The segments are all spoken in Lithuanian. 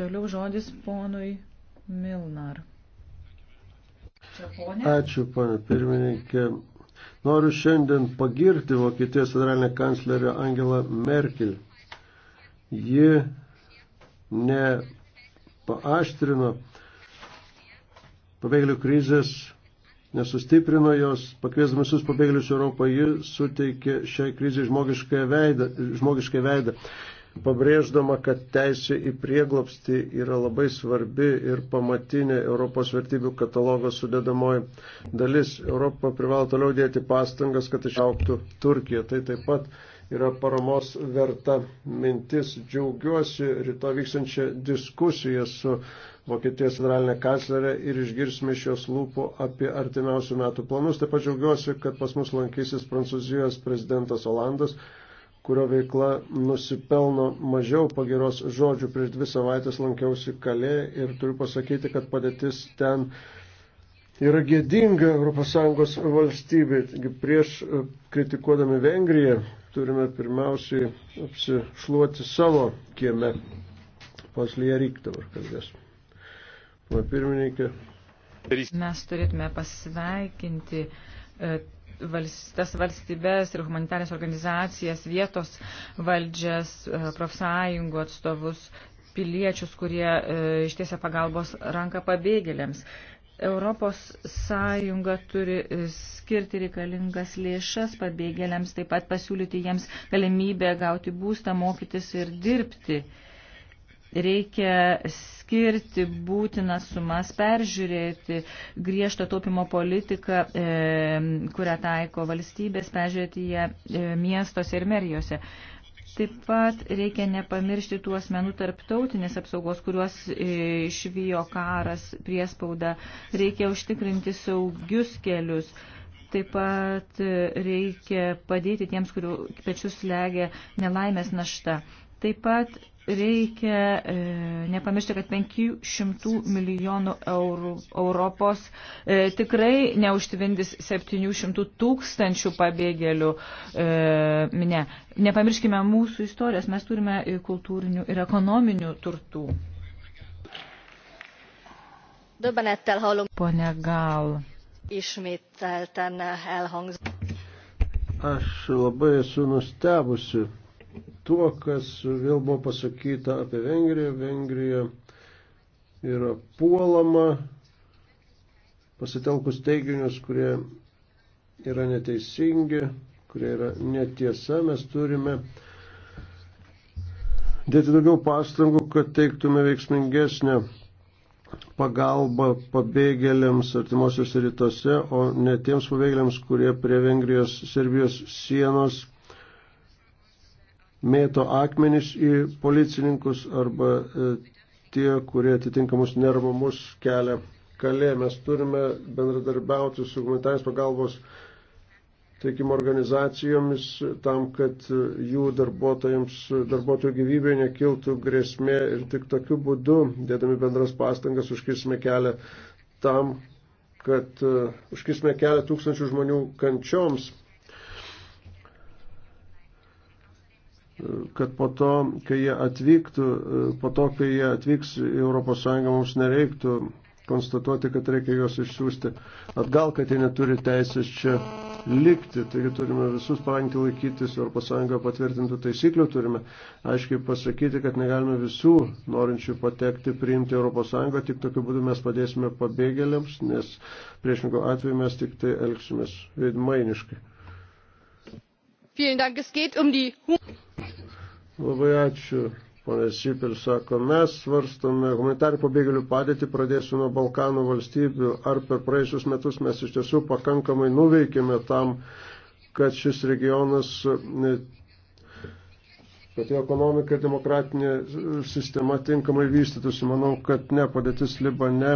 Toliau žodis ponui Milnar. Ačiū, pana pirmininkė. Noriu šiandien pagirti Vokietijos federalinę kanclerę Angelą Merkel. Ji nepaaštrino pabėgėlių krizės, nesustiprino jos, pakviesdama visus pabėgėlius Europą, ji suteikė šiai krizai žmogišką veidą. Žmogišką veidą pabrėždama, kad teisė į prieglopstį yra labai svarbi ir pamatinė Europos vertybių katalogo sudėdamoji dalis. Europa privalo toliau dėti pastangas, kad išauktų Turkija. Tai taip pat yra paramos verta mintis. Džiaugiuosi ryto vyksančią diskusiją su Vokietijos federalinė kanclerė ir išgirsime šios lūpų apie artimiausių metų planus. Taip pat džiaugiuosi, kad pas mus lankysis Prancūzijos prezidentas Olandas kurio veikla nusipelno mažiau pagiros žodžių. Prieš dvi savaitės lankiausi kalė ir turiu pasakyti, kad padėtis ten yra gėdinga ES valstybė. Prieš e, kritikuodami Vengriją turime pirmiausiai apsišluoti savo kieme. Paslyje Ryktavar kalbės. Pirmininkė. Mes turėtume pasveikinti e, tas valstybės ir humanitarės organizacijas, vietos valdžias, e, profsąjungų atstovus, piliečius, kurie e, ištiesia pagalbos ranką pabėgėliams. Europos Sąjunga turi e, skirti reikalingas lėšas pabėgėliams, taip pat pasiūlyti jiems galimybę gauti būstą, mokytis ir dirbti. Uh, reikia skirti būtinas sumas, peržiūrėti griežtą taupimo politiką, e, kurią taiko valstybės, peržiūrėti ją e, miestuose ir merijose. Taip pat reikia nepamiršti tų asmenų tarptautinės apsaugos, kuriuos e, išvijo karas, priespauda. Reikia užtikrinti saugius kelius. Taip pat e, reikia padėti tiems, kurių pečius legia nelaimės našta. Taip pat reikia e, nepamiršti, kad 500 milijonų eurų Europos e, tikrai neužtvindys 700 tūkstančių pabėgėlių e, minę. Nepamirškime mūsų istorijos, mes turime kultūrinių ir ekonominių turtų. Döbbenettel hallom. Pone Gal. Ismételten elhangzott. Aš labai esu nustebusi tuo, kas vėl buvo pasakyta apie Vengriją. Vengrija yra puolama pasitelkus teiginius, kurie yra neteisingi, kurie yra netiesa. Mes turime dėti daugiau pastangų, kad teiktume veiksmingesnę pagalba pabėgėliams artimuosiuose rytuose, o ne tiems pabėgėliams, kurie prie Vengrijos, Serbijos sienos mėto akmenis į policininkus arba e, tie, kurie atitinkamus nervumus kelia kalė. Mes turime bendradarbiauti su humanitarės pagalbos teikimo organizacijomis tam, kad e, jų darbuotojams, darbuotojų gyvybė nekiltų grėsmė ir tik tokiu būdu, dėdami bendras pastangas, užkirsime kelią tam, kad uh, užkirsime kelią tūkstančių žmonių kančioms kad po to, kai jie atvyktų, po to, kai jie atvyks į ES, mums nereiktų konstatuoti, kad reikia juos išsiųsti atgal, kad jie neturi teisės čia likti. Taigi turime visus parankti laikytis ES patvirtintų taisyklių, turime aiškiai pasakyti, kad negalime visų norinčių patekti priimti ES, tik tokiu būdu mes padėsime pabėgėliams, nes priešingų atveju mes tik tai elgsimės veidmainiškai. Vielen Dank, es geht um die Labai ačiū, ponė Sipil sako, mes svarstome humanitarį pabėgėlių padėtį, pradėsiu nuo Balkanų valstybių, ar per praėjusius metus mes iš tiesų pakankamai nuveikėme tam, kad šis regionas kad jo ekonomika ir demokratinė sistema tinkamai vystytųsi. Manau, kad ne padėtis Libane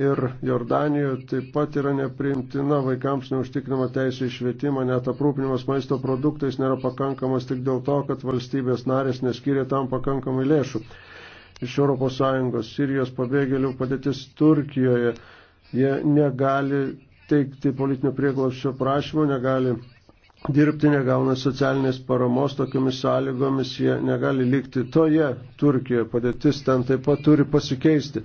ir Jordanijoje taip pat yra nepriimtina, vaikams neužtikrinama teisė į švietimą, net aprūpinimas maisto produktais nėra pakankamas tik dėl to, kad valstybės narės neskiria tam pakankamai lėšų. Iš ES Sirijos pabėgėlių padėtis Turkijoje. Jie negali teikti politinio prieglapščio prašymo, negali dirbti, negauna socialinės paramos, tokiamis sąlygomis jie negali likti toje Turkijoje, padėtis ten taip pat turi pasikeisti.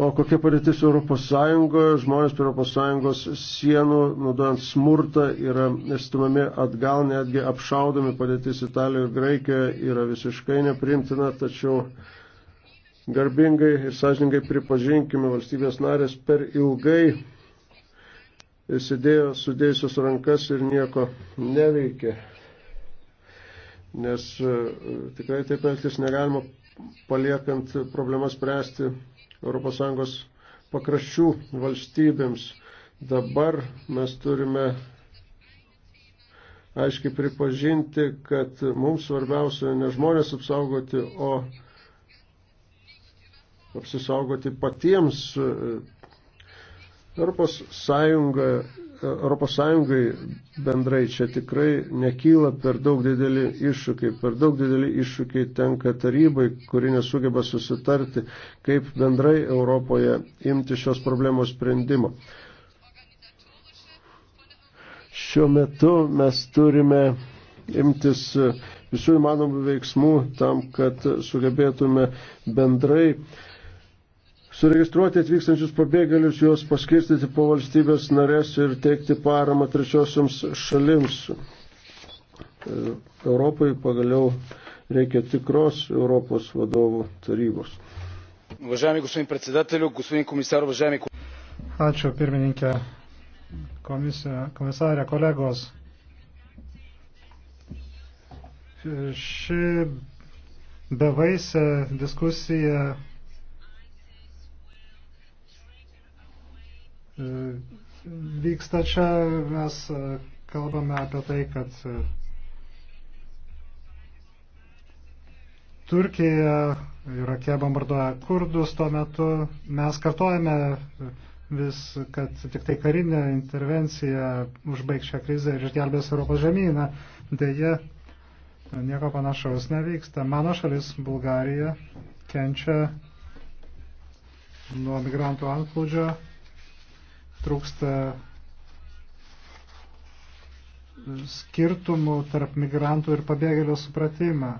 O kokia padėtis Europos Sąjungoje, žmonės prie Europos Sąjungos sienų, naudojant smurtą, yra stumami atgal, netgi apšaudomi padėtis Italijoje ir Graikijoje yra visiškai neprimtina, tačiau garbingai ir sąžininkai pripažinkime, valstybės narės per ilgai ir sėdėjo sudėjusios rankas ir nieko neveikė. Nes e, tikrai taip elgtis negalima paliekant problemas spręsti ES pakraščių valstybėms. Dabar mes turime aiškiai pripažinti, kad mums svarbiausia ne žmonės apsaugoti, o apsisaugoti patiems Europos, Sąjunga, Europos Sąjungai bendrai čia tikrai nekyla per daug dideli iššūkiai. Per daug dideli iššūkiai tenka tarybai, kuri nesugeba susitarti, kaip bendrai Europoje imti šios problemos sprendimo. Šiuo metu mes turime imtis visų įmanomų veiksmų tam, kad sugebėtume bendrai uh, suregistruoti atvykstančius pabėgėlius, juos paskirstyti po valstybės narės ir teikti paramą trečiosiams šalims. E, Europai pagaliau reikia tikros Europos vadovų tarybos. Važiavami, господин председателю, господин комисар, važiavami. Ačiū, pirmininkė, komisija, komisarė, kolegos. Ši bevaisė diskusija vyksta čia. Mes e, kalbame apie tai, kad e, Turkija Irake bombarduoja kurdus tuo metu. Mes kartojame vis, kad tik tai karinė intervencija užbaig šią krizę ir išgelbės Europos žemyną. Deja, nieko panašaus nevyksta. Mano šalis, Bulgarija, kenčia nuo migrantų antplūdžio trūksta skirtumų tarp migrantų ir pabėgėlio supratimą.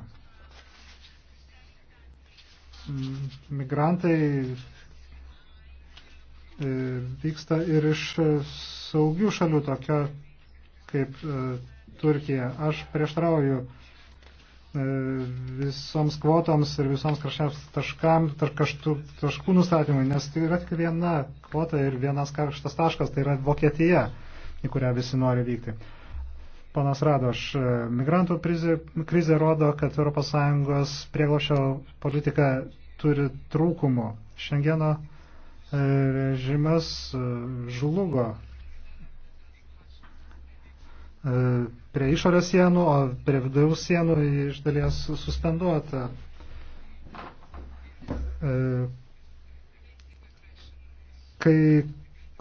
Mm, migrantai e, vyksta ir iš saugių šalių, tokia kaip e, Turkija. Aš prieštrauju E, visoms kvotoms ir visoms karščiams taškam, tarkaštų, taškų nustatymui, nes tai yra tik viena kvota ir vienas karštas taškas, tai yra Vokietija, į kurią visi nori vykti. Panas Radoš, e, migrantų krizė, krizė rodo, kad ES prieglošio politika turi trūkumų. Šengeno e, režimas žlugo E, prie išorės sienų, o prie vidaus sienų iš dalies suspenduota. E, kai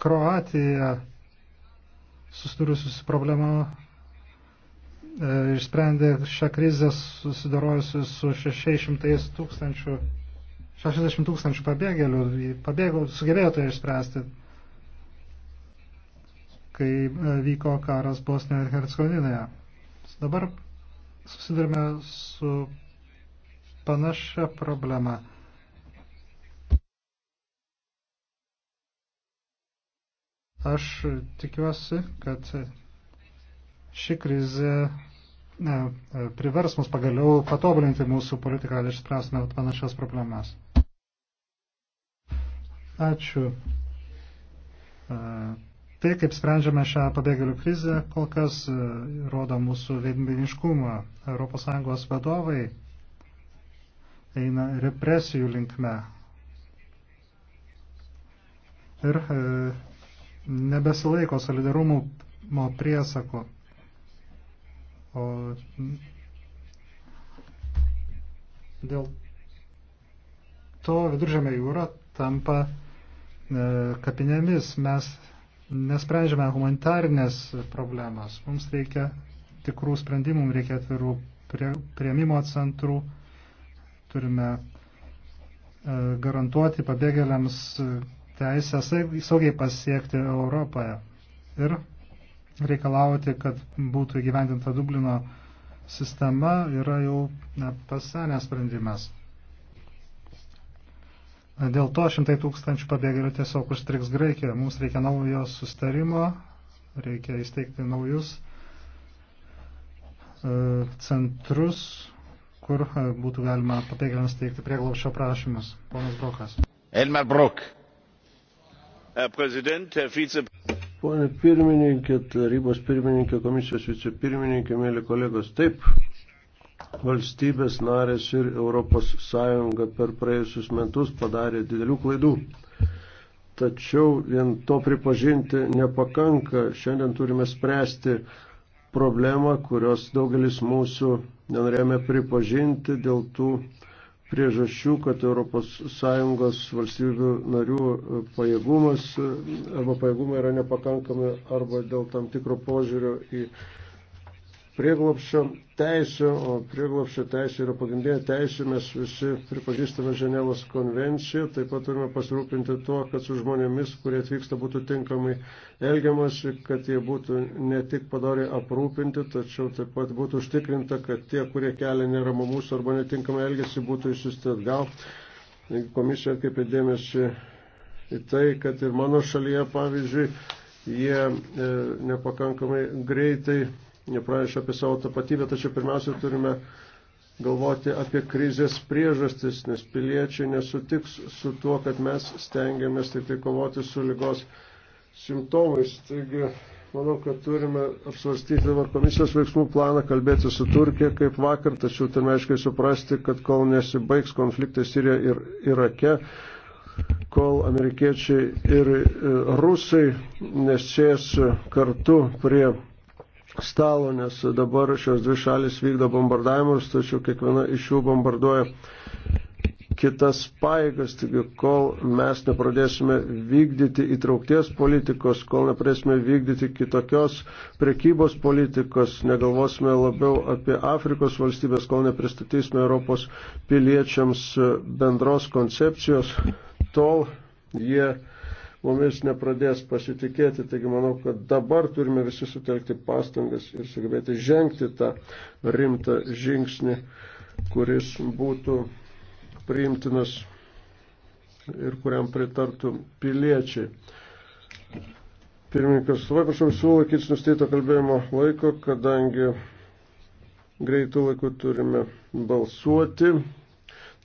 Kroatija susidūrusi su problema e, išsprendė šią krizę susidarojusi su 600 tūkstančių, 60 tūkstančių pabėgėlių, pabėgų, sugebėjo tai išspręsti kai e, vyko karas Bosnijoje ir Hercegovinoje. Dabar susidurime su panašia problema. Aš tikiuosi, kad ši krizė ne, e, privers mus pagaliau patobulinti mūsų politiką, kad išspręsime panašias problemas. Ačiū. Uh, Tai, kaip sprendžiame šią pabėgėlių krizę, kol kas e, rodo mūsų veidminiškumą. ES vadovai eina represijų linkme ir e, nebesilaiko solidarumo priesako. O dėl to viduržėme jūra tampa e, kapinėmis. Mes nesprendžiame humanitarnės problemas. Mums reikia tikrų sprendimų, mums reikia atvirų prie, prieimimo centrų, turime e, garantuoti pabėgėliams teisę saugiai pasiekti Europoje ir reikalauti, kad būtų įgyvendinta Dublino sistema yra jau pasenęs sprendimas. Dėl to šimtai tūkstančių pabėgėlių tiesiog užstriks Graikijoje. Mums reikia naujo sustarimo, reikia įsteigti naujus e, centrus, kur e, būtų galima pabėgėliams teikti prieglaušio prašymus. Ponas Brokas. Elmar Brok. Pone pirmininkė, tarybos pirmininkė, komisijos vicepirmininkė, mėly kolegos, taip, valstybės narės ir ES per praėjusius metus padarė didelių klaidų. Tačiau vien to pripažinti nepakanka. Šiandien turime spręsti problemą, kurios daugelis mūsų nenorėjome pripažinti dėl tų priežasčių, kad ES valstybių narių pajėgumas arba pajėgumai yra nepakankami arba dėl tam tikro požiūrio į prieglopščio teisė, o prieglopščio teisė yra pagrindinė teisė, mes visi pripažįstame Ženevos konvenciją, taip pat turime pasirūpinti tuo, kad su žmonėmis, kurie atvyksta, būtų tinkamai elgiamasi, kad jie būtų ne tik padoriai aprūpinti, tačiau taip pat būtų užtikrinta, kad tie, kurie kelia neramumus arba netinkamai elgesi, būtų išsiusti atgal. Komisija atkreipė dėmesį į tai, kad ir mano šalyje, pavyzdžiui, jie e, nepakankamai greitai nepranešė apie savo tapatybę, tačiau pirmiausia turime galvoti apie krizės priežastis, nes piliečiai nesutiks su tuo, kad mes stengiamės tik tai kovoti su lygos simptomais. Taigi, manau, kad turime apsvarstyti dabar komisijos veiksmų planą, kalbėti su Turkija kaip vakar, tačiau turime aiškiai suprasti, kad kol nesibaigs konfliktai Sirijoje ir Irake, kol amerikiečiai ir e, rusai nesės kartu prie stalo, nes dabar šios dvi šalis vykdo bombardavimus, tačiau kiekviena iš jų bombarduoja kitas paėgas, taigi kol mes nepradėsime vykdyti įtraukties politikos, kol nepradėsime vykdyti kitokios prekybos politikos, negalvosime labiau apie Afrikos valstybės, kol nepristatysime Europos piliečiams bendros koncepcijos, tol jie mumis nepradės pasitikėti. Taigi manau, kad dabar turime visi sutelkti pastangas ir sugebėti žengti tą rimtą žingsnį, kuris būtų priimtinas ir kuriam pritartų piliečiai. Pirmininkas, labai prašau visų laikytis nustatyto kalbėjimo laiko, kadangi greitų laikų turime balsuoti.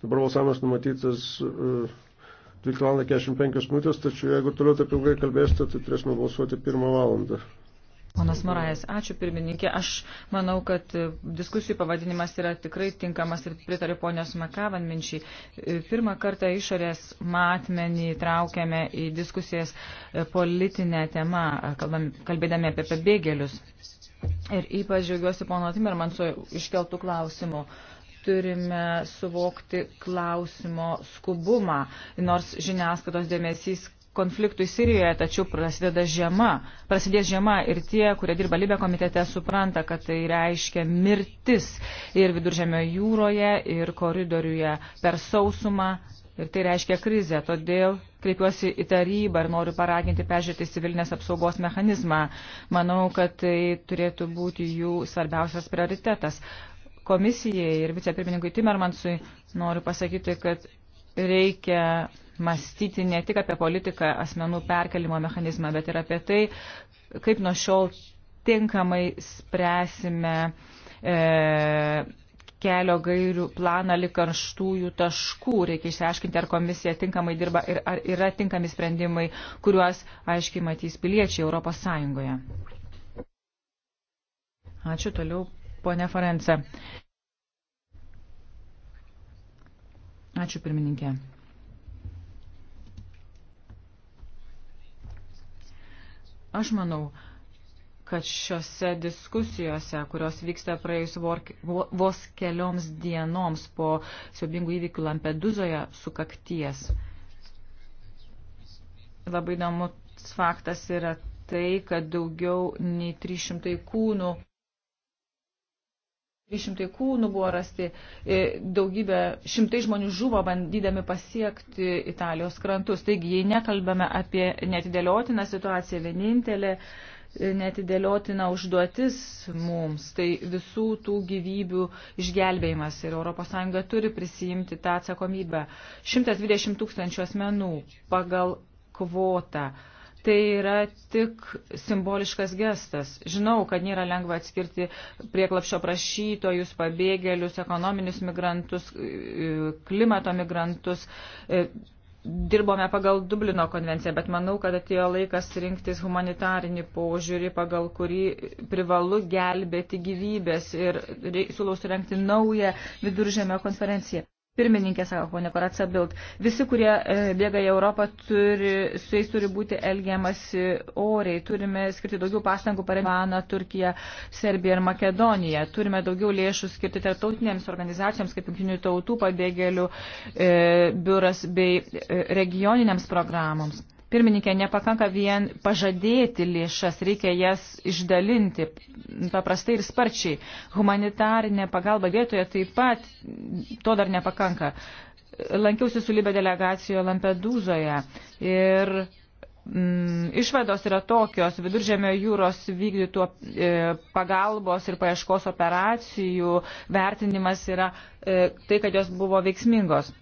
Dabar balsavimas numatytas. Uh, 12.45 minutės, tačiau jeigu toliau taip ilgai kalbėsite, tai turėsime balsuoti pirmą valandą. Ponas Morajas, ačiū pirmininkė. Aš manau, kad diskusijų pavadinimas yra tikrai tinkamas ir pritariu ponios Makavan minčiai. Pirmą kartą išorės matmenį traukiame į diskusijas politinę temą, kalbėdami apie pabėgėlius. Ir ypač žiaugiuosi pono Timermanso iškeltų klausimų. Uh, turime suvokti klausimo skubumą, nors žiniasklaidos dėmesys konfliktui Sirijoje, tačiau prasideda žiema, prasidės žiema ir tie, kurie dirba Libė komitete, supranta, kad tai reiškia mirtis ir viduržėmio jūroje, ir koridoriuje per sausumą, ir tai reiškia krizę. Todėl kreipiuosi į tarybą ir noriu paraginti peržiūrėti civilinės apsaugos mechanizmą. Manau, kad tai turėtų būti jų svarbiausias prioritetas. Komisijai ir vicepirmininkui Timermansui noriu pasakyti, kad reikia mąstyti ne tik apie politiką asmenų perkelimo mechanizmą, bet ir apie tai, kaip nuo šiol tinkamai spręsime e, kelio gairių planą likarštųjų taškų. Reikia išsiaiškinti, ar komisija tinkamai dirba ir ar yra tinkami sprendimai, kuriuos aiškiai matys piliečiai Europos Sąjungoje. Ačiū toliau, Pone Forence. Ačiū pirmininkė. Aš manau, kad šiuose diskusijose, kurios vyksta praėjus vos kelioms dienoms po siubingų įvykių Lampeduzoje sukakties, labai įdomus faktas yra tai, kad daugiau nei 300 kūnų 300 kūnų buvo rasti, e, daugybė šimtai žmonių žuvo bandydami pasiekti Italijos krantus. Taigi, jei nekalbame apie netidėliotiną situaciją, vienintelė e, netidėliotina užduotis mums, tai visų tų gyvybių išgelbėjimas ir ES turi prisijimti tą atsakomybę. 120 tūkstančių asmenų pagal kvotą tai yra tik simboliškas gestas. Žinau, kad nėra lengva atskirti prieklapšio prašytojus, pabėgėlius, ekonominius migrantus, e, klimato migrantus. E, dirbome pagal Dublino konvenciją, bet manau, kad atėjo laikas rinktis humanitarinį požiūrį, pagal kurį privalu gelbėti gyvybės ir siūlau surenkti naują viduržėmio konferenciją. Pirmininkė sako, ponė Koratsa Bild, visi, kurie e, bėga į Europą, turi, su jais turi būti elgiamasi oriai. Turime skirti daugiau pastangų paremaną Turkiją, Serbiją ir Makedoniją. Turime daugiau lėšų skirti tarptautinėms organizacijoms, kaip Junktinių tautų pabėgėlių e, biuras bei e, regioniniams programoms. Pirmininkė, nepakanka vien pažadėti lėšas, reikia jas išdalinti paprastai ir sparčiai. Humanitarinė pagalba vietoje taip pat to dar nepakanka. Lankiausi su Libė delegacijoje Lampedūzoje ir mm, išvados yra tokios viduržėmio jūros vykdytų e, pagalbos ir paieškos operacijų vertinimas yra e, tai, kad jos buvo veiksmingos.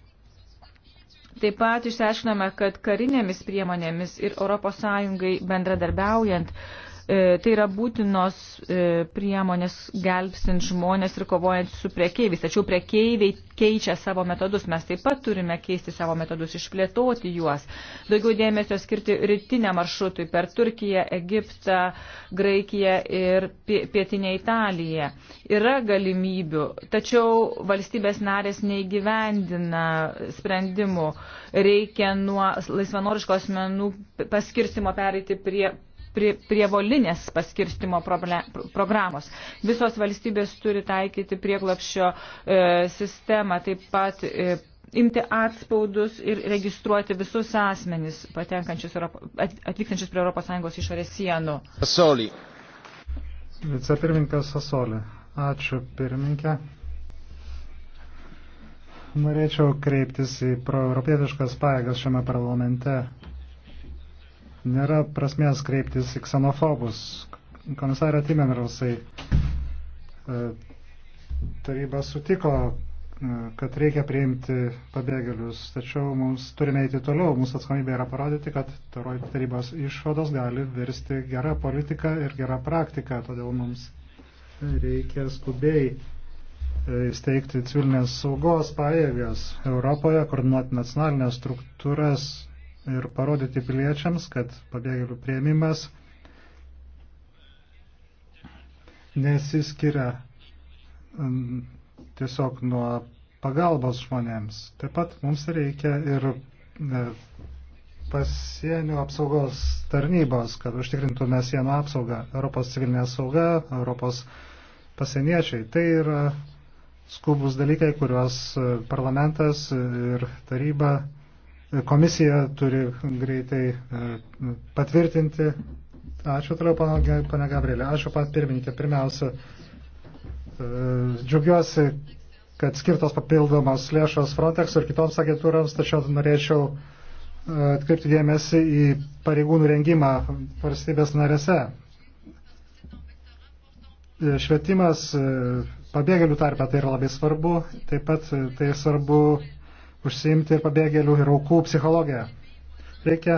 Taip pat išsiaiškiname, kad karinėmis priemonėmis ir ES bendradarbiaujant E, tai yra būtinos e, priemonės gelbsint žmonės ir kovojant su prekeiviais. Tačiau prekeiviai keičia savo metodus. Mes taip pat turime keisti savo metodus, išplėtoti juos. Daugiau dėmesio skirti rytiniam maršrutui per Turkiją, Egiptą, Graikiją ir pietinę Italiją. Yra galimybių, tačiau valstybės narės neįgyvendina sprendimų. Reikia nuo laisvanoriškos menų paskirstimo pereiti prie prie, prievolinės paskirstimo programos. Visos valstybės turi taikyti prieglapščio e, sistemą, taip pat e, imti atspaudus ir registruoti visus asmenis patenkančius Europo, atvykstančius prie ES išorės sienų. Sasoli. Vicepirmininkas Sasoli. Ačiū pirmininkė. Norėčiau kreiptis į proeuropietiškas paėgas šiame parlamente nėra prasmės kreiptis į ksenofobus. Komisarė Timenrausai e, taryba sutiko, e, kad reikia priimti pabėgėlius, tačiau mums turime eiti toliau. Mūsų atsakomybė yra parodyti, kad tarybos išvados gali virsti gerą politiką ir gerą praktiką, todėl mums reikia skubiai e, steigti civilinės saugos pajėgas Europoje, koordinuoti nacionalinės struktūras ir parodyti piliečiams, kad pabėgėlių prieimimas nesiskiria tiesiog nuo pagalbos žmonėms. Taip pat mums reikia ir e, pasienio apsaugos tarnybos, kad užtikrintume sienų apsaugą. Europos civilinė sauga, Europos pasieniečiai. Tai yra skubus dalykai, kuriuos e, parlamentas ir taryba komisija turi greitai e, patvirtinti. Ačiū toliau, pana Gabrielė. Ačiū pat pirmininkė. Pirmiausia, e, džiugiuosi, kad skirtos papildomos lėšos Frontex ir kitoms agentūrams, tačiau norėčiau e, atkreipti dėmesį į pareigūnų rengimą valstybės narėse. Švietimas pabėgėlių tarpe tai yra labai svarbu, taip pat tai svarbu užsiimti ir pabėgėlių ir aukų psichologiją. Reikia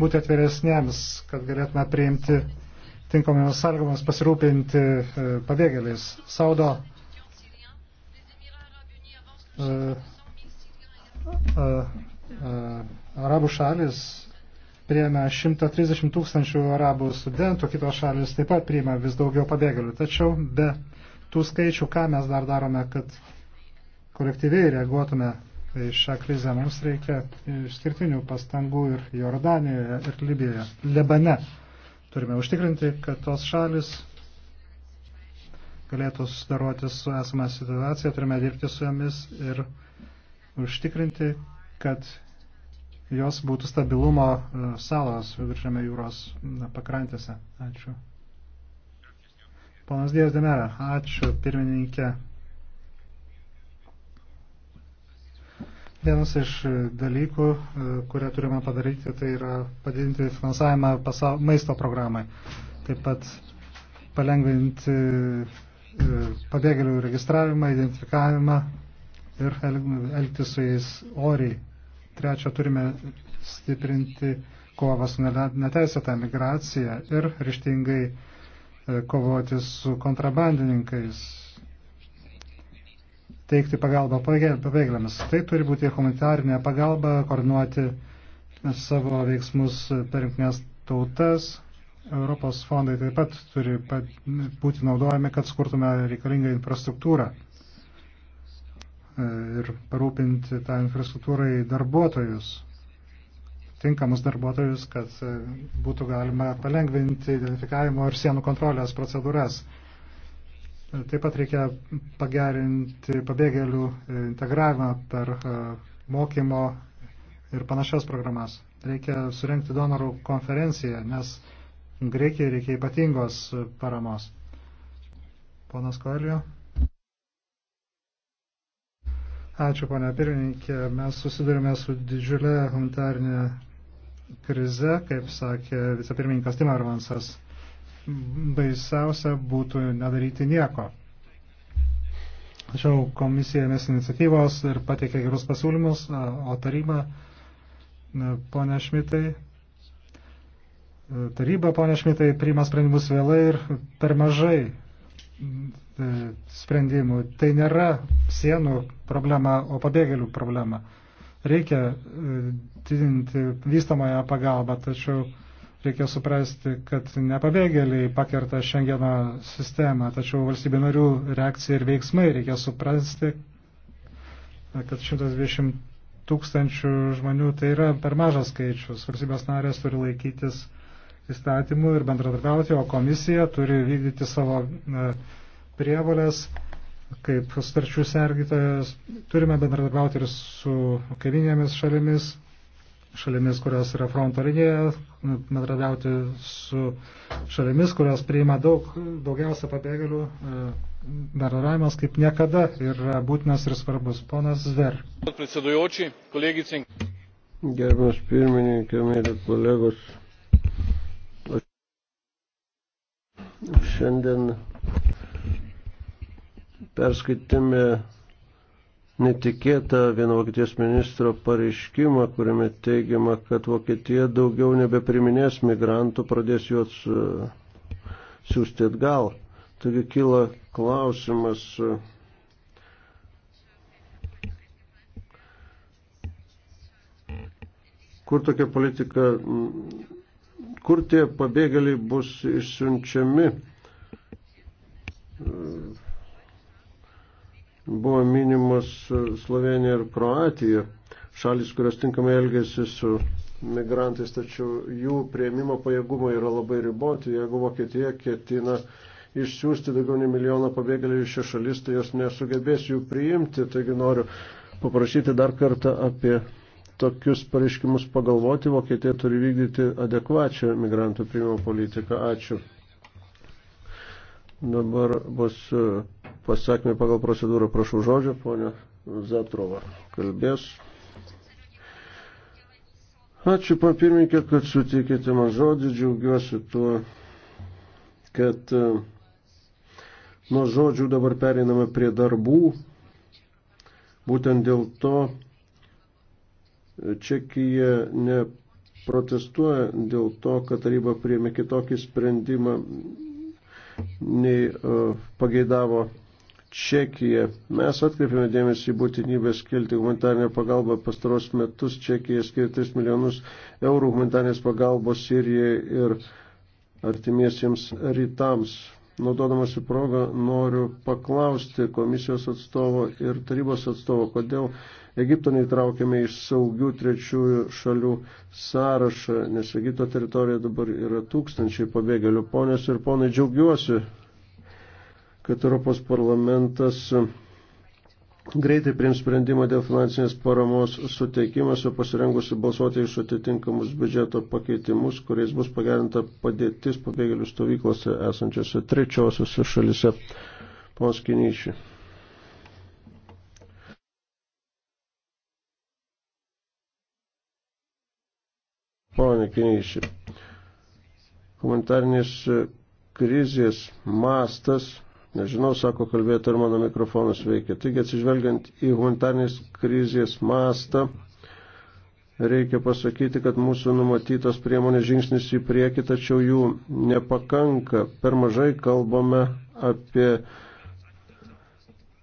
būti atviresniems, kad galėtume priimti tinkamomis sąlygomis pasirūpinti e, pabėgėliais. Saudo uh, uh, uh, arabų šalis priėmė 130 tūkstančių arabų studentų, kitos šalis taip pat priima vis daugiau pabėgėlių. Tačiau be tų skaičių, ką mes dar darome, kad kolektyviai reaguotume Tai šią krizę mums reikia išskirtinių pastangų ir Jordanijoje, ir Libijoje, Libane. Turime užtikrinti, kad tos šalis galėtų susidaroti su esama situacija, turime dirbti su jomis ir užtikrinti, kad jos būtų stabilumo e, salos viduržėme jūros pakrantėse. Ačiū. Ponas Dijas Demera, ačiū pirmininkė. Vienas iš e, dalykų, e, kurią turime padaryti, tai yra padidinti finansavimą pasau, maisto programai. Taip pat palengvinti e, pabėgėlių registravimą, identifikavimą ir elgtis su jais oriai. Trečia, turime stiprinti kovą su neteisėta migracija ir ryštingai kovoti su kontrabandininkais, teikti pagalbą pabėgėliams. Tai turi būti humanitarinė pagalba, koordinuoti savo veiksmus per jungtinės tautas. Europos fondai taip pat turi būti naudojami, kad skurtume reikalingą infrastruktūrą e, ir parūpinti tą infrastruktūrai darbuotojus, tinkamus darbuotojus, kad e, būtų galima palengvinti identifikavimo ir sienų kontrolės procedūras. Taip pat reikia pagerinti pabėgėlių e, integravimą per e, mokymo ir panašias programas. Reikia surenkti donorų konferenciją, nes Greikijai reikia ypatingos e, paramos. Ponas Koelio. Ačiū, ponia pirmininkė. Mes susidurime su didžiulė humanitarinė krize, kaip sakė vicepirmininkas Timarvansas baisiausia būtų nedaryti nieko. Tačiau komisija ėmėsi iniciatyvos ir pateikė gerus pasiūlymus, o taryba, ponia Šmitai, taryba, ponia Šmitai, priima sprendimus vėlai ir per mažai sprendimų. Tai nėra sienų problema, o pabėgėlių problema. Reikia didinti vystamąją pagalbą, tačiau Reikia suprasti, kad nepabėgėliai pakerta Šengeno sistemą, tačiau valstybė narių reakcija ir veiksmai reikia suprasti, kad 120 tūkstančių žmonių tai yra per mažas skaičius. Valstybės narės turi laikytis įstatymų ir bendradarbiauti, o komisija turi vykdyti savo e, prievolės kaip sutarčių sergytojas. Turime bendradarbiauti ir su kaiminėmis šalimis, šalimis, kurios yra fronto linijoje, bendradauti su šalimis, kurios priima daug, daugiausia pabėgėlių. E, Bendradavimas kaip niekada yra būtinas ir svarbus. Ponas Zver. Gerbiamas pirmininkė, mėly kolegos, šiandien perskaitėme netikėtą vieno Vokietijos ministro pareiškimą, kuriame teigiama, kad Vokietija daugiau nebepriminės migrantų, pradės juos e, siūsti atgal. Taigi kyla klausimas, e, kur tokia politika, kur tie pabėgėliai bus išsiunčiami e, buvo minimas e, Slovenija ir Kroatija, šalis, kurios tinkamai elgėsi su migrantais, tačiau jų prieimimo pajėgumai yra labai riboti. Jeigu Vokietija ketina išsiųsti daugiau nei milijoną pabėgėlių iš šią šalis, tai jos nesugebės jų priimti. Taigi noriu paprašyti dar kartą apie tokius pareiškimus pagalvoti. Vokietija turi vykdyti adekvačią migrantų priimimo politiką. Ačiū. Dabar bus e, pasakymai pagal procedūrą. Prašau žodžio, ponia Zatrova. Kalbės. Ačiū, papirminkė, kad sutikėte man žodį. Džiaugiuosi tuo, kad e, nuo žodžių dabar pereiname prie darbų. Būtent dėl to Čekija neprotestuoja dėl to, kad taryba priėmė kitokį sprendimą nei e, pageidavo Čekija. Mes atkreipėme dėmesį į būtinybę skilti humanitarinę pagalbą. Pastaros metus Čekija skiria 3 milijonus eurų humanitarinės pagalbos Sirijai ir artimiesiems rytams. Naudodamasi progą noriu paklausti komisijos atstovo ir tarybos atstovo, kodėl Egipto neįtraukėme iš saugių trečiųjų šalių sąrašą, nes Egipto teritorija dabar yra tūkstančiai pabėgėlių. Ponės ir ponai, džiaugiuosi kad Europos parlamentas greitai priims sprendimą dėl finansinės paramos suteikimas ir pasirengusi balsuoti iš atitinkamus biudžeto pakeitimus, kuriais bus pagerinta padėtis pabėgėlių stovyklose esančiose trečiosiose šalise. Pons Kinyčiai. Pone Kinyčiai, humanitarnės krizės mastas Nežinau, sako kalbėti, ar mano mikrofonas veikia. Taigi, atsižvelgiant į humanitarnės krizės mastą, reikia pasakyti, kad mūsų numatytos priemonės žingsnis į priekį, tačiau jų nepakanka. Per mažai kalbame apie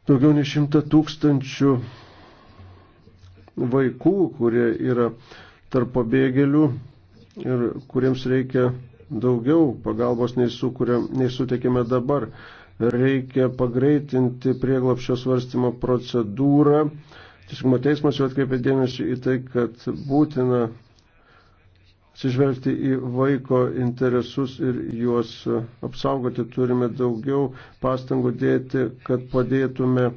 daugiau nei šimtą tūkstančių vaikų, kurie yra tarp pabėgėlių ir kuriems reikia daugiau pagalbos nei, sukuria, nei sutikime dabar reikia pagreitinti prieglapščio svarstymo procedūrą. Teisingumo teismas jau atkreipė dėmesį į tai, kad būtina atsižvelgti į vaiko interesus ir juos apsaugoti. Turime daugiau pastangų dėti, kad padėtume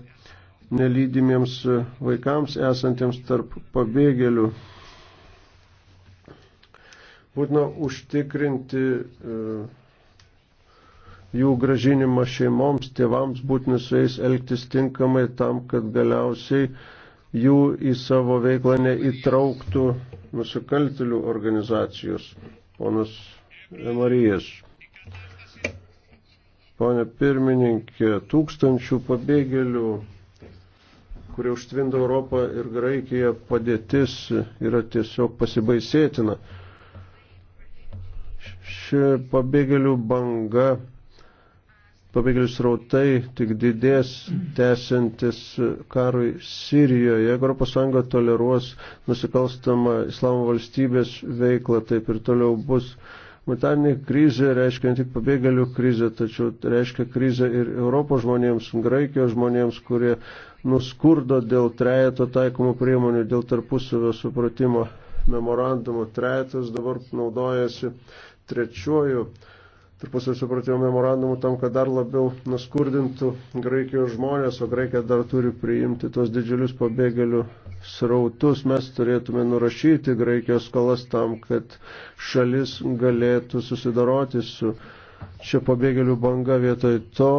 nelydimiems vaikams esantiems tarp pabėgėlių. Būtina užtikrinti uh, jų gražinimą šeimoms, tėvams būtina su jais elgtis tinkamai tam, kad galiausiai jų į savo veiklą neįtrauktų nusikaltelių organizacijos. Ponas Marijas. Pone pirmininkė, tūkstančių pabėgėlių, kurie užtvindo Europą ir Graikiją, padėtis yra tiesiog pasibaisėtina. Ši pabėgėlių banga pabėgėlių srautai tik didės tęsiantis karui Sirijoje. Jeigu ES toleruos nusikalstamą islamo valstybės veiklą, taip ir toliau bus. Humanitarinė krizė reiškia ne tik pabėgėlių krizę, tačiau reiškia krizę ir Europos žmonėms, Graikijos žmonėms, kurie nuskurdo dėl trejeto taikomų priemonių, dėl tarpusavio supratimo memorandumo. Trejetas dabar naudojasi trečiuoju tarpusavio supratimo memorandumų tam, kad dar labiau nuskurdintų Graikijos žmonės, o Graikija dar turi priimti tos didžiulius pabėgėlių srautus. Mes turėtume nurašyti Graikijos skolas tam, kad šalis galėtų susidaroti su šia pabėgėlių banga vietoj to.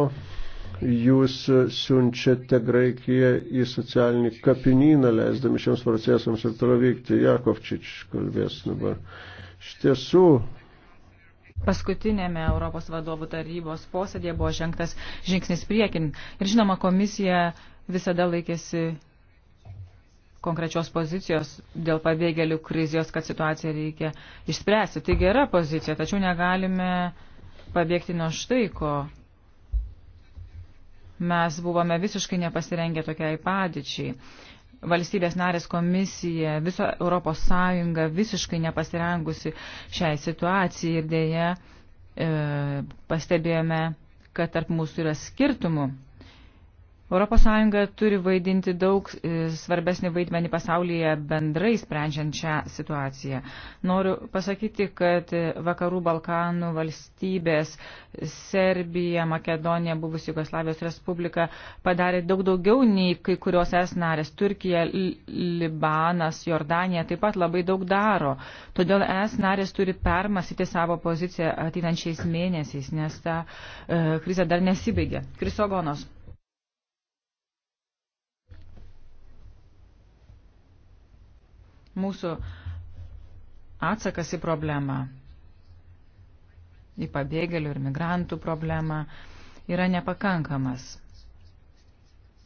Jūs siunčiate Graikiją į socialinį kapinyną, leisdami šiems procesams ir toliau vykti. Jakovčič kalbės dabar. Iš tiesų, Paskutinėme Europos vadovų tarybos posėdėje buvo žengtas žingsnis priekin. Ir žinoma, komisija visada laikėsi konkrečios pozicijos dėl pabėgėlių krizijos, kad situaciją reikia išspręsti. Tai gera pozicija, tačiau negalime pabėgti nuo štai ko. Mes buvome visiškai nepasirengę tokiai padėčiai valstybės narės komisija, viso Europos Sąjunga visiškai nepasirengusi šiai situacijai ir dėje e, pastebėjome, kad tarp mūsų yra skirtumų. ES turi vaidinti daug e, svarbesnį vaidmenį pasaulyje bendrai sprendžiant šią situaciją. Noriu pasakyti, kad Vakarų Balkanų valstybės Serbija, Makedonija, buvusi Jugoslavijos Respublika padarė daug daugiau nei kai kurios es narės. Turkija, Libanas, Jordanija taip pat labai daug daro. Todėl es narės turi permasyti savo poziciją ateinančiais mėnesiais, nes ta e, krizė dar nesibaigė. Krisogonos. mūsų atsakas į problemą, į pabėgėlių ir migrantų problemą, yra nepakankamas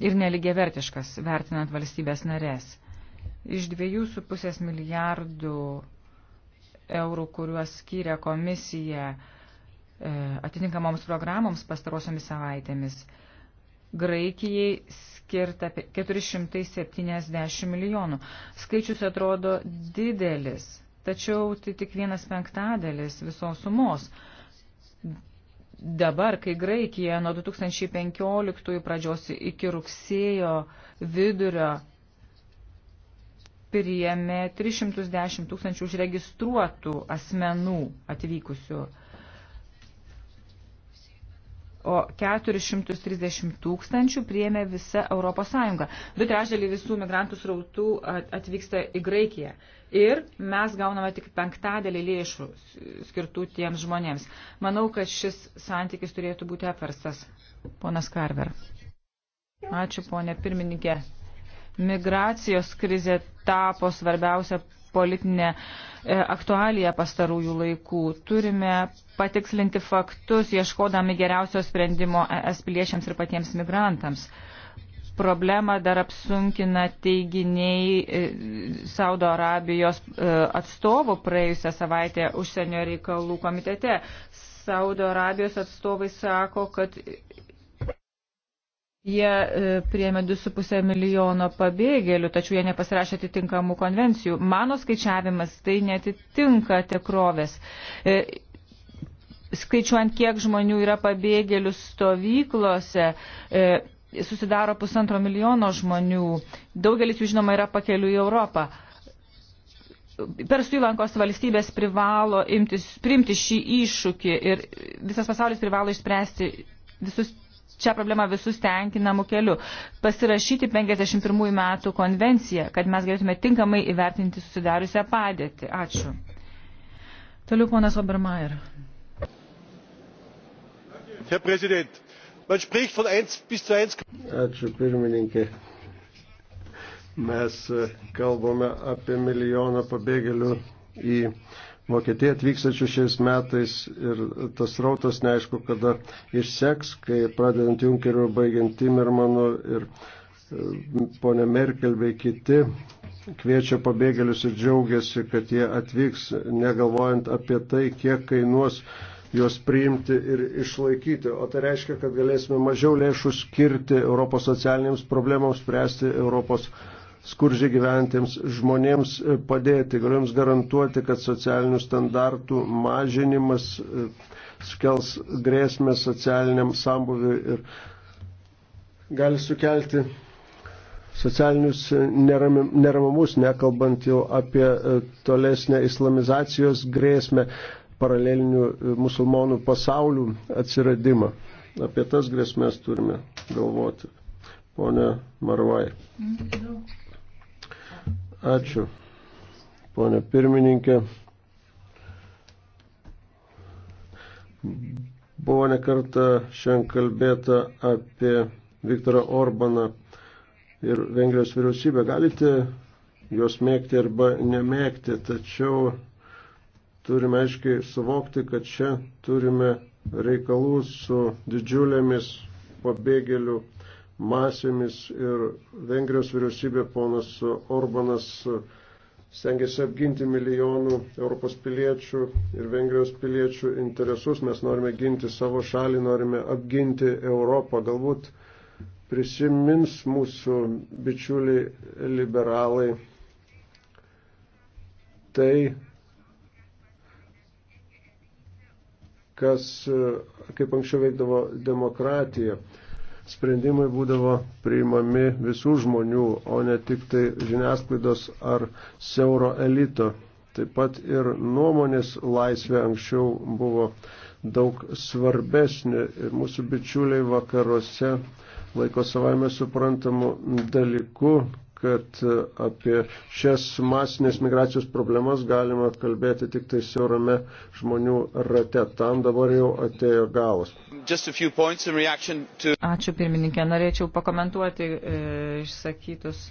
ir neligiavertiškas, vertinant valstybės narės. Iš 2,5 milijardų eurų, kuriuos skyrė komisija e, atitinkamoms programoms pastarosiomis savaitėmis, Graikijai skirta 470 milijonų. Skaičius atrodo didelis, tačiau tai tik vienas penktadalis visos sumos. Dabar, kai Graikija nuo 2015 pradžios iki rugsėjo vidurio priėmė 310 tūkstančių užregistruotų asmenų atvykusių o 430 tūkstančių priėmė visa Europos Sąjunga. Du trešdėlį visų migrantų srautų atvyksta į Graikiją. Ir mes gauname tik penktadėlį lėšų skirtų tiems žmonėms. Manau, kad šis santykis turėtų būti apverstas. Ponas Karver. Ačiū, ponė pirmininkė. Migracijos krizė tapo svarbiausia politinė e, aktualija pastarųjų laikų. Turime patikslinti faktus, ieškodami geriausio sprendimo ES piliečiams ir patiems migrantams. Problemą dar apsunkina teiginiai e, Saudo Arabijos e, atstovų praėjusią savaitę užsienio reikalų komitete. Saudo Arabijos atstovai sako, kad Jie e, priemė 2,5 milijono pabėgėlių, tačiau jie nepasirašė atitinkamų konvencijų. Mano skaičiavimas tai netitinka tikrovės. E, skaičiuojant, kiek žmonių yra pabėgėlių stovyklose, e, susidaro pusantro milijono žmonių. Daugelis jų, žinoma, yra pakelių į Europą. Persų įlankos valstybės privalo imtis, priimti šį iššūkį ir visas pasaulis privalo išspręsti visus šią problemą visus tenkinamų kelių. Pasirašyti 51 metų konvenciją, kad mes galėtume tinkamai įvertinti susidariusią padėtį. Ačiū. Toliau ponas Obermeier. Herr Präsident, man spricht von 1 bis zu 1. Ačiū pirmininkė. Mes e, kalbame apie milijoną pabėgėlių į Vokietiją atvykstančių šiais metais ir tas rautas neaišku, kada išseks, kai pradedant Junkeriu, baigiant Timermanu ir e, ponė Merkel bei kiti kviečia pabėgėlius ir džiaugiasi, kad jie atvyks, negalvojant apie tai, kiek kainuos juos priimti ir išlaikyti. O tai reiškia, kad galėsime mažiau lėšų skirti Europos socialinėms problemams, spręsti Europos problemams skurdžiai gyventiems žmonėms e, padėti. Galiu jums garantuoti, kad socialinių standartų mažinimas e, sukels grėsmę socialiniam sambuviui ir gali sukelti socialinius neram, neramumus, nekalbant jau apie e, tolesnę islamizacijos grėsmę, paralelinių musulmonų pasaulių atsiradimą. Apie tas grėsmės turime galvoti. Pone Marvai. Mm, Ačiū, ponė pirmininkė. Buvo nekarta šiandien kalbėta apie Viktorą Orbaną ir Vengrijos vyriausybę. Galite juos mėgti arba nemėgti, tačiau turime aiškiai suvokti, kad čia turime reikalų su didžiulėmis pabėgėlių masėmis ir Vengrijos vyriausybė ponas Orbanas stengiasi apginti milijonų Europos piliečių ir Vengrijos piliečių interesus. Mes norime ginti savo šalį, norime apginti Europą. Galbūt prisimins mūsų bičiuliai liberalai tai, kas kaip anksčiau veikdavo demokratija sprendimai būdavo priimami visų žmonių, o ne tik tai žiniasklaidos ar siauro elito. Taip pat ir nuomonės laisvė anksčiau buvo daug svarbesnė ir mūsų bičiuliai vakaruose laiko savame suprantamu dalyku kad apie šias masinės migracijos problemas galima kalbėti tik tai siaurame žmonių rate. Tam dabar jau atėjo galas. To... Ačiū pirmininkė. Norėčiau pakomentuoti e, išsakytus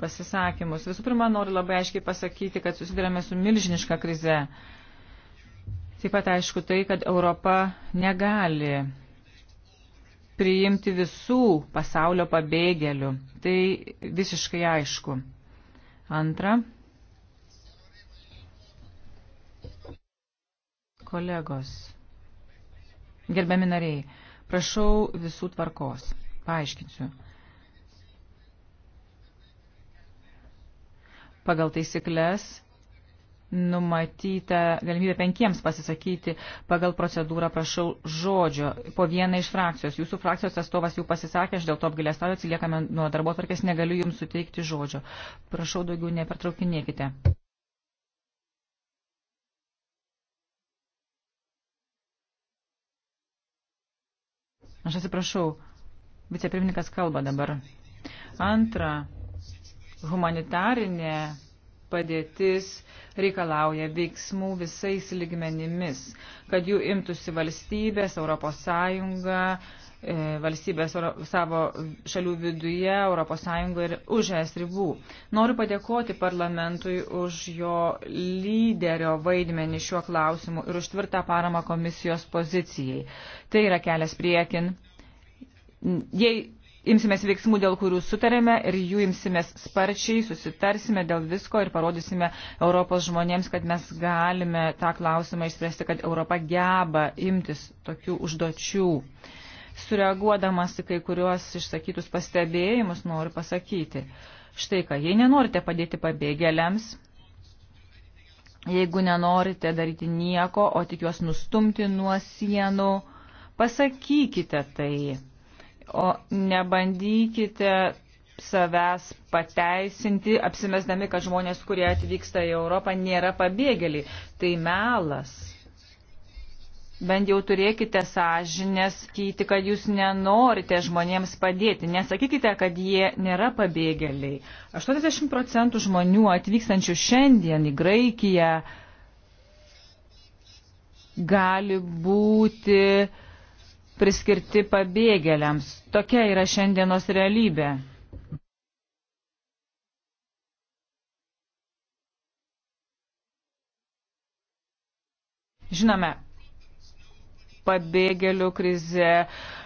pasisakymus. Visų pirma, noriu labai aiškiai pasakyti, kad susidurėme su milžiniška krize. Taip pat aišku tai, kad Europa negali priimti visų pasaulio pabėgėlių. Tai visiškai aišku. Antra. Kolegos, gerbiami nariai, prašau visų tvarkos. Paaiškinsiu. Pagal taisyklės numatyta galimybė penkiems pasisakyti pagal procedūrą, prašau, žodžio po vieną iš frakcijos. Jūsų frakcijos atstovas jau pasisakė, aš dėl to apgalėstauju, atsiliekame nuo darbo tvarkės, negaliu jums suteikti žodžio. Prašau, daugiau nepertraukinėkite. Aš atsiprašau, vicepirmininkas kalba dabar. Antra, humanitarinė padėtis reikalauja veiksmų visais lygmenimis, kad jų imtųsi valstybės, Europos Sąjunga, e, valstybės savo šalių viduje, Europos Sąjungoje ir už es ribų. Noriu padėkoti parlamentui už jo lyderio vaidmenį šiuo klausimu ir už tvirtą paramą komisijos pozicijai. Tai yra kelias priekin. Jei imsimės veiksmų, dėl kurių sutarėme ir jų imsimės sparčiai, susitarsime dėl visko ir parodysime Europos žmonėms, kad mes galime tą klausimą išspręsti, kad Europa geba imtis tokių užduočių. Sureaguodamas į kai kuriuos išsakytus pastebėjimus noriu pasakyti. Štai ką, jei nenorite padėti pabėgėliams, jeigu nenorite daryti nieko, o tik juos nustumti nuo sienų, pasakykite tai o nebandykite savęs pateisinti, apsimesdami, kad žmonės, kurie atvyksta į Europą, nėra pabėgėliai. Tai melas. Bent jau turėkite sąžinės, kyti, kad jūs nenorite žmonėms padėti. Nesakykite, kad jie nėra pabėgėliai. 80 procentų žmonių atvykstančių šiandien į Graikiją gali būti priskirti pabėgėliams. Tokia yra šiandienos realybė. Žinome, pabėgėlių krize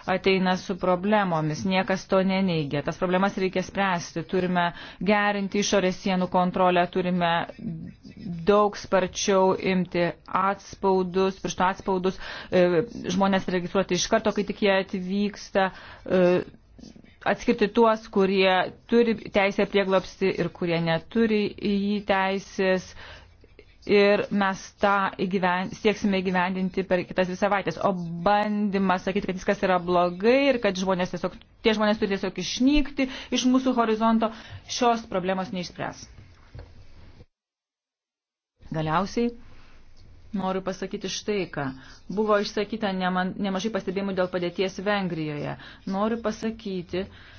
ateina su problemomis. Niekas to neneigia. Tas problemas reikia spręsti. Turime gerinti išorės sienų kontrolę, turime daug sparčiau imti atspaudus, piršto atspaudus, e, žmonės registruoti iš karto, kai tik jie atvyksta e, atskirti tuos, kurie turi teisę prieglopsti ir kurie neturi į jį teisės. Uh, ir mes tą įgyven, sieksime įgyvendinti per kitas dvi savaitės. O bandymas sakyti, kad viskas yra blogai ir kad žmonės tiesiog, tie žmonės turi tiesiog išnykti iš mūsų horizonto, šios problemos neišspręs. Galiausiai noriu pasakyti štai ką. Buvo išsakyta nema, nemažai pastebėjimų dėl padėties Vengrijoje. Noriu pasakyti, uh,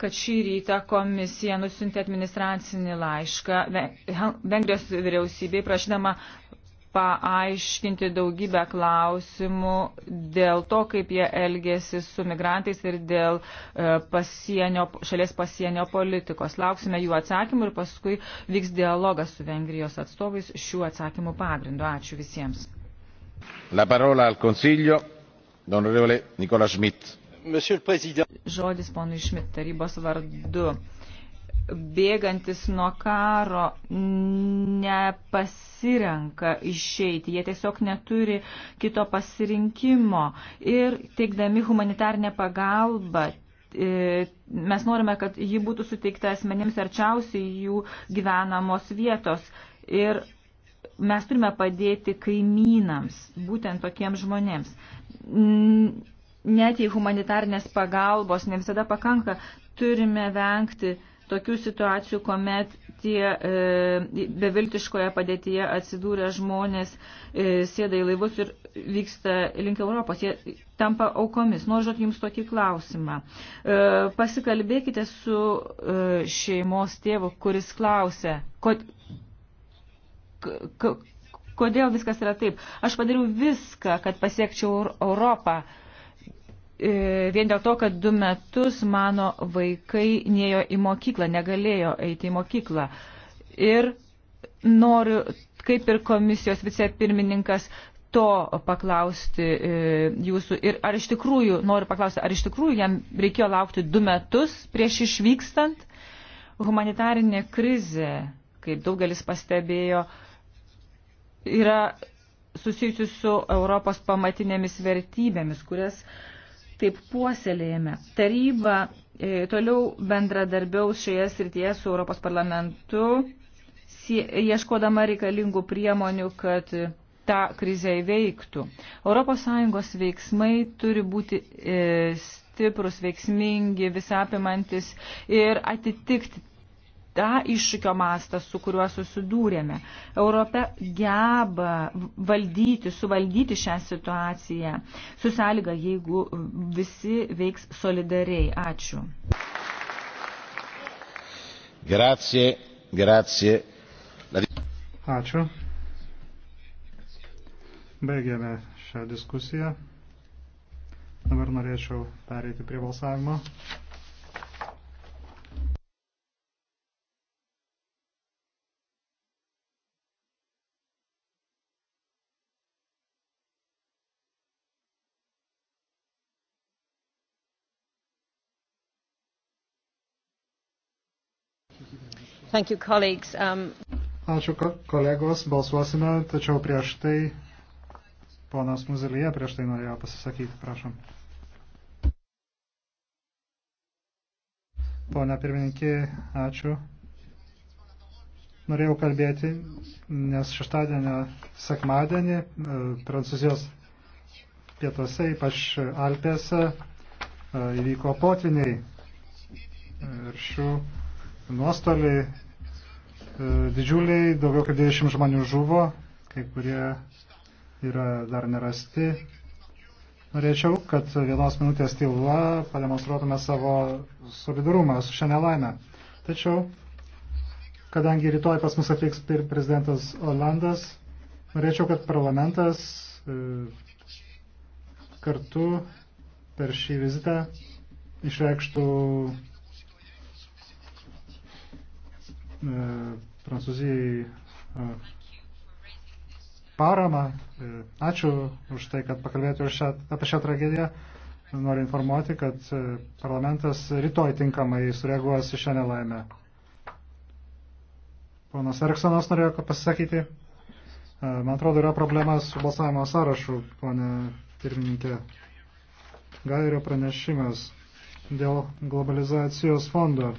kad šį rytą komisija nusinti administracinį laišką Vengrijos vyriausybei prašydama paaiškinti daugybę klausimų dėl to, kaip jie elgėsi su migrantais ir dėl e, pasienio, šalies pasienio politikos. Lauksime jų atsakymų ir paskui vyks dialogas su Vengrijos atstovais šių atsakymų pagrindu. Ačiū visiems. La parola al Consiglio, onorevole Nicola Schmidt Žodis ponui Šmit tarybos vardu. Bėgantis nuo karo nepasirenka išeiti, jie tiesiog neturi kito pasirinkimo. Ir teikdami humanitarnę pagalbą e, mes norime, kad ji būtų suteikta asmenims arčiausiai jų gyvenamos vietos. Ir mes turime padėti kaimynams, būtent tokiems žmonėms net jei humanitarnės pagalbos ne visada pakanka, turime vengti tokių situacijų, kuomet tie e, beviltiškoje padėtyje atsidūrę žmonės e, sėda į laivus ir vyksta link Europos. Jie tampa aukomis. Noriu žodžiu Jums tokį klausimą. E, pasikalbėkite su e, šeimos tėvu, kuris klausia, kod, kodėl viskas yra taip. Aš padariau viską, kad pasiekčiau Europą. E, vien dėl to, kad du metus mano vaikai nėjo į mokyklą, negalėjo eiti į mokyklą. Ir noriu, kaip ir komisijos vicepirmininkas, to paklausti e, jūsų. Ir ar iš tikrųjų, noriu paklausti, ar iš tikrųjų jam reikėjo laukti du metus prieš išvykstant? Humanitarinė krizė, kaip daugelis pastebėjo, yra susijusi su Europos pamatinėmis vertybėmis, kurias uh, taip puoselėjame. Taryba e, toliau bendradarbiaus šioje srityje su Europos parlamentu, ieškodama reikalingų priemonių, kad tą krizę įveiktų. ES veiksmai turi būti e, stiprus, veiksmingi, visapimantis ir atitikti tą iššūkio mastą, su kuriuo susidūrėme. Europa geba valdyti, suvaldyti šią situaciją su sąlyga, jeigu visi veiks solidariai. Ačiū. Grazie, grazie. Ačiū. Baigėme šią diskusiją. Dabar norėčiau pereiti prie balsavimo. Thank you, colleagues. Um... Ačiū kolegos, balsuosime, tačiau prieš tai ponas Muzelyje prieš tai norėjo pasisakyti, prašom. Pone pirmininkė, ačiū. Norėjau kalbėti, nes šeštadienio sekmadienį e, Prancūzijos pietuose, ypač Alpėse, e, įvyko potviniai. Ir šių nuostoliai e, didžiuliai, daugiau kaip 20 žmonių žuvo, kai kurie yra dar nerasti. Norėčiau, kad vienos minutės tyla pademonstruotume savo solidarumą su šią nelaimę. Tačiau, kadangi rytoj pas mus atvyks prezidentas Olandas, norėčiau, kad parlamentas e, kartu per šį vizitą išreikštų E, Prancūzijai e, paramą. E, ačiū už tai, kad pakalbėjote šią, apie šią tragediją. Noriu informuoti, kad parlamentas rytoj tinkamai sureaguos į šią nelaimę. Ponas Erksonas norėjo pasisakyti. Man atrodo, yra problema su balsavimo sąrašu, ponė pirmininkė. Gairio pranešimas dėl globalizacijos fondo.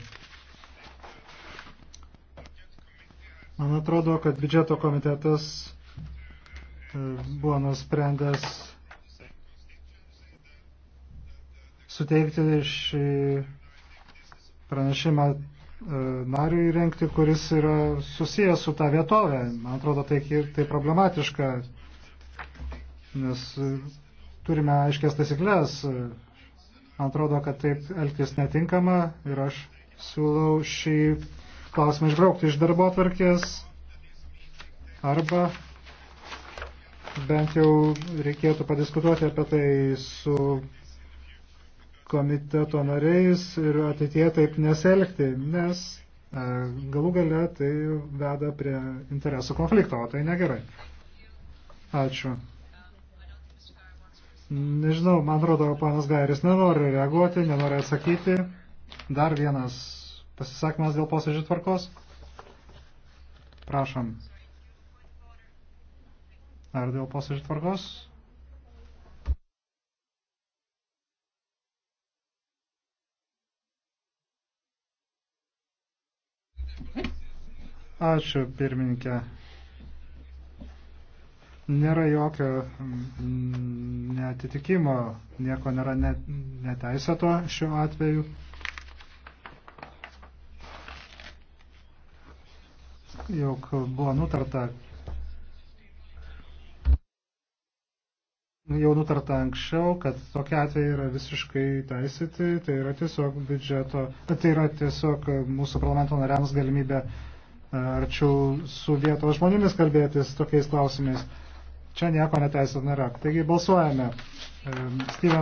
Man atrodo, kad biudžeto komitetas e, buvo nusprendęs suteikti šį pranešimą e, nariui rengti, kuris yra susijęs su tą vietovę. Man atrodo, tai, tai problematiška, nes turime aiškės taisyklės. Man atrodo, kad taip elgtis netinkama ir aš siūlau šį klausimą išbraukti iš darbo atvarkės arba bent jau reikėtų padiskutuoti apie tai su komiteto nariais ir ateitie taip neselgti, nes e, galų gale tai veda prie interesų konflikto, o tai negerai. Ačiū. Nežinau, man atrodo, panas Gairis nenori reaguoti, nenori atsakyti. Dar vienas Pasisakymas dėl posėdžių tvarkos? Prašom. Ar dėl posėdžių tvarkos? Ačiū, pirmininkė. Nėra jokio mm, netitikimo, nieko nėra neteisėto šiuo atveju. jog buvo nutarta, jau nutarta anksčiau, kad tokie atvejai yra visiškai teisėti, tai yra tiesiog biudžeto, tai yra tiesiog mūsų parlamento nariams galimybė e, arčiau su vietos žmonėmis kalbėtis tokiais klausimais. Čia nieko neteisėt nėra. Taigi balsuojame. E, Steven